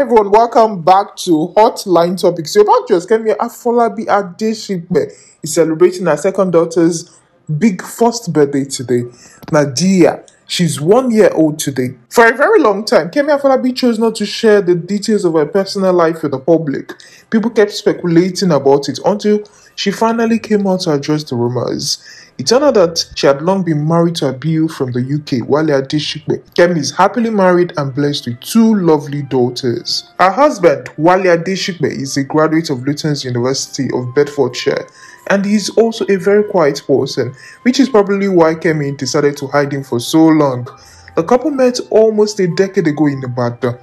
everyone, welcome back to Hotline Topics. Your back just came here. Afolabi Adeshipe is celebrating her second daughter's big first birthday today. Nadia, she's one year old today. For a very long time, Kemi Afolabi chose not to share the details of her personal life with the public. People kept speculating about it until she finally came out to address the rumors. It turned out that she had long been married to a Abiu from the UK, Wale Adeshikbe. Kemi is happily married and blessed with two lovely daughters. Her husband, Wale Adeshikbe, is a graduate of Luton's University of Bedfordshire and he is also a very quiet person, which is probably why Kemi decided to hide him for so long. The couple met almost a decade ago in Ibadan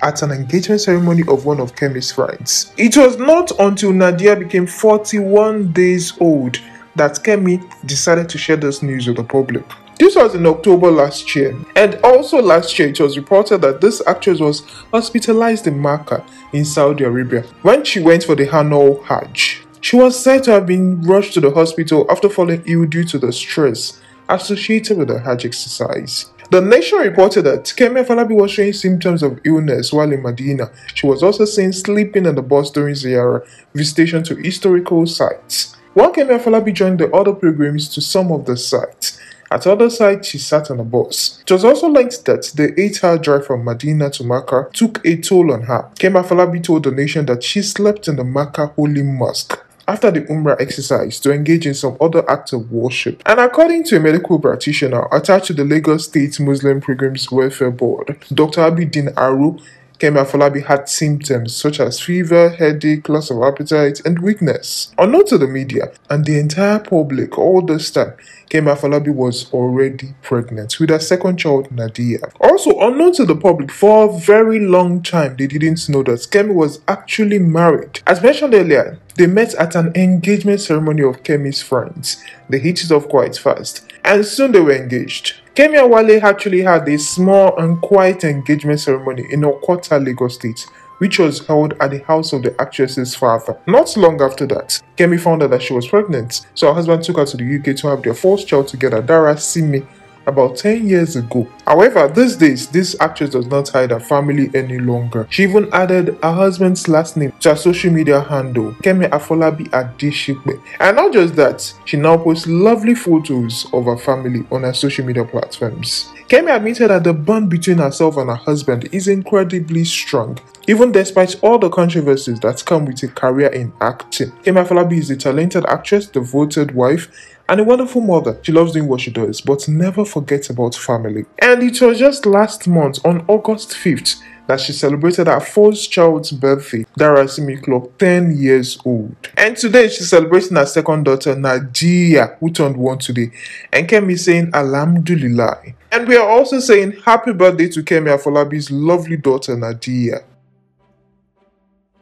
at an engagement ceremony of one of Kemi's friends. It was not until Nadia became 41 days old that Kemi decided to share this news with the public. This was in October last year, and also last year it was reported that this actress was hospitalized in Makkah in Saudi Arabia when she went for the Hanoi Hajj. She was said to have been rushed to the hospital after falling ill due to the stress associated with the Hajj exercise. The nation reported that Kemi Falabi was showing symptoms of illness while in Medina. She was also seen sleeping on the bus during Ziyarah visitation to historical sites. One Kemi Falabi joined the other pilgrims to some of the sites. At the other sites she sat on a bus. It was also linked that the eight-hour drive from Medina to Makkah took a toll on her. Kemi Falabi told the nation that she slept in the Makkah Holy Mosque after the Umrah exercise to engage in some other act of worship. And according to a medical practitioner attached to the Lagos State Muslim Pilgrims Welfare Board, Dr. Abidin Aru, Kemba Falabi had symptoms such as fever, headache, loss of appetite, and weakness. Unknown to the media and the entire public all this time, Kemba Falabi was already pregnant with her second child, Nadia. Also, unknown to the public for a very long time, they didn't know that Kemi was actually married. As mentioned earlier, they met at an engagement ceremony of Kemi's friends. They hit it off quite fast, and soon they were engaged. Kemi and Wale actually had a small and quiet engagement ceremony in Okota, Lagos State, which was held at the house of the actress's father. Not long after that, Kemi found out that she was pregnant, so her husband took her to the UK to have their first child together, Dara Simi, about 10 years ago. However, these days, this actress does not hide her family any longer. She even added her husband's last name to her social media handle, Kemi Afolabi Adeshikbe. And not just that, she now posts lovely photos of her family on her social media platforms. Kemi admitted that the bond between herself and her husband is incredibly strong, even despite all the controversies that come with a career in acting. Kemi Falabi is a talented actress, devoted wife, and a wonderful mother. She loves doing what she does, but never forgets about family. And it was just last month, on August 5th, that she celebrated her first child's birthday, Dara Clock, 10 years old. And today she's celebrating her second daughter, Nadia, who turned one today. And Kemi saying, Alhamdulillah. And we are also saying happy birthday to Kemi Afolabi's lovely daughter, Nadia.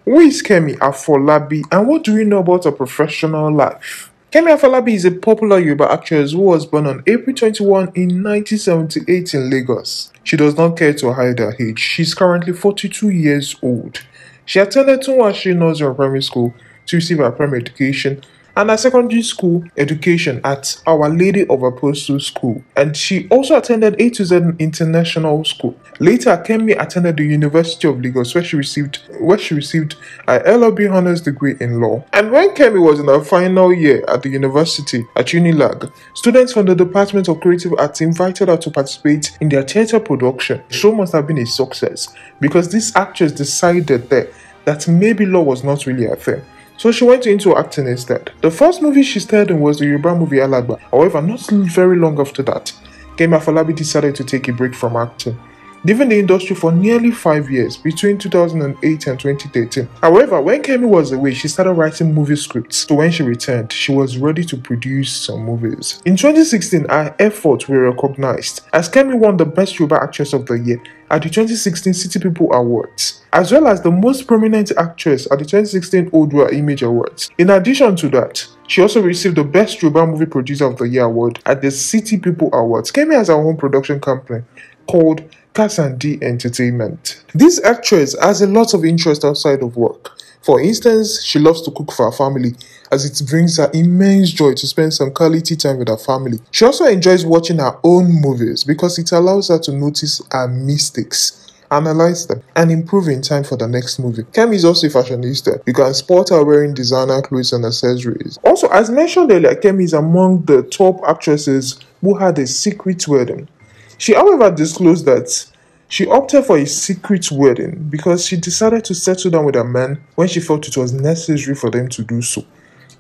Who is Kemi Afolabi and what do we know about her professional life? Kemi Afalabi is a popular Yoruba actress who was born on April 21 in 1978 in Lagos. She does not care to hide her age. She is currently 42 years old. She attended Tunwashi Nursery Primary School to receive her primary education and her secondary school education at Our Lady of Apostle School. And she also attended A to Z International School. Later, Kemi attended the University of Lagos, where she received where she received a LLB honors degree in law. And when Kemi was in her final year at the university at Unilag, students from the Department of Creative Arts invited her to participate in their theatre production. The show must have been a success because this actress decided that that maybe law was not really her thing so she went into acting instead. The first movie she starred in was the Yoruba movie Alagba. However, not very long after that, Kemi Afolabi decided to take a break from acting leaving the industry for nearly five years between 2008 and 2013. However, when Kemi was away, she started writing movie scripts, so when she returned, she was ready to produce some movies. In 2016, her efforts were recognized as Kemi won the Best Yoruba Actress of the Year at the 2016 City People Awards, as well as the most prominent actress at the 2016 Odua Image Awards. In addition to that, she also received the Best Yoruba Movie Producer of the Year award at the City People Awards. Kemi has her own production company called Cass D Entertainment. This actress has a lot of interest outside of work. For instance, she loves to cook for her family as it brings her immense joy to spend some quality time with her family. She also enjoys watching her own movies because it allows her to notice her mistakes analyze them, and improve in time for the next movie. Kemi is also a fashionista. You can spot her wearing designer clothes and accessories. Also, as mentioned earlier, Kemi is among the top actresses who had a secret wedding. She, however, disclosed that she opted for a secret wedding because she decided to settle down with a man when she felt it was necessary for them to do so.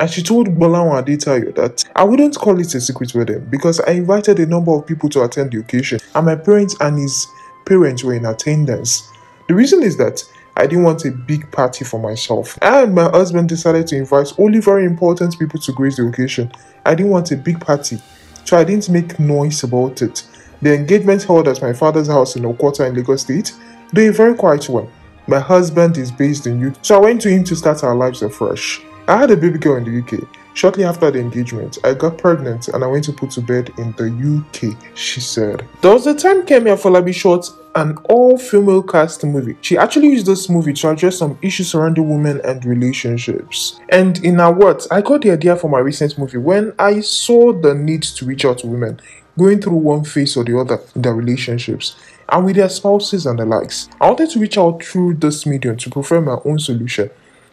And she told Bolawan Adetayo that I wouldn't call it a secret wedding because I invited a number of people to attend the occasion and my parents and his parents were in attendance. The reason is that I didn't want a big party for myself. And my husband decided to invite only very important people to grace the occasion. I didn't want a big party, so I didn't make noise about it. The engagement held at my father's house in Okota in Lagos State, though a very quiet one. My husband is based in UK, so I went to him to start our lives afresh. I had a baby girl in the UK. Shortly after the engagement, I got pregnant and I went to put to bed in the UK, she said. There was a time Kemi Afolabi shot an all-female cast movie. She actually used this movie to address some issues surrounding women and relationships. And in our words, I got the idea for my recent movie when I saw the need to reach out to women going through one phase or the other in their relationships and with their spouses and the likes. I wanted to reach out through this medium to prefer my own solution.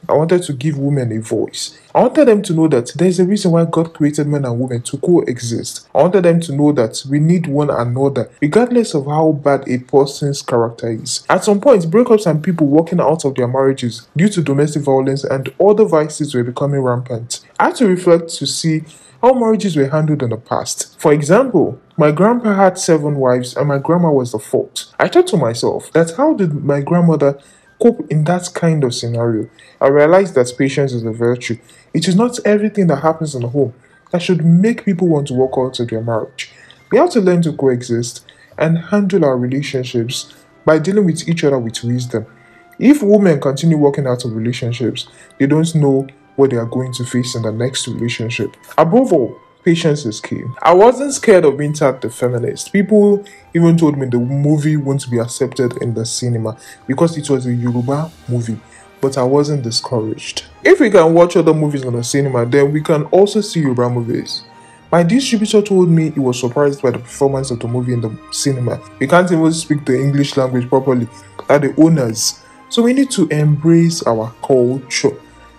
I wanted to give women a voice. I wanted them to know that there's a reason why God created men and women to coexist. I wanted them to know that we need one another, regardless of how bad a person's character is. At some point, breakups and people walking out of their marriages due to domestic violence and other vices were becoming rampant. I had to reflect to see how marriages were handled in the past. For example, my grandpa had seven wives and my grandma was the fourth. I thought to myself that how did my grandmother cope in that kind of scenario? I realized that patience is a virtue. It is not everything that happens in the home that should make people want to walk out of their marriage. We have to learn to coexist and handle our relationships by dealing with each other with wisdom. If women continue walking out of relationships they don't know what they are going to face in the next relationship. Above all, patience is key. I wasn't scared of being tagged the feminist. People even told me the movie won't be accepted in the cinema because it was a Yoruba movie. But I wasn't discouraged. If we can watch other movies in the cinema, then we can also see Yoruba movies. My distributor told me he was surprised by the performance of the movie in the cinema. We can't even speak the English language properly, like the owners. So we need to embrace our culture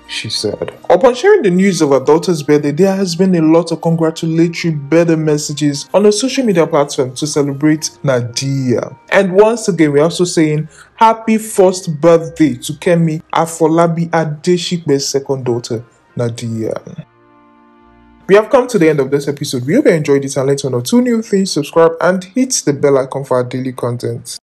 she said. Upon sharing the news of her daughter's birthday, there has been a lot of congratulatory birthday messages on the social media platform to celebrate Nadia. And once again, we're also saying happy first birthday to Kemi Afolabi Adeshikbe's second daughter, Nadia. We have come to the end of this episode. We hope you enjoyed it and let us know two new things. Subscribe and hit the bell icon for our daily content.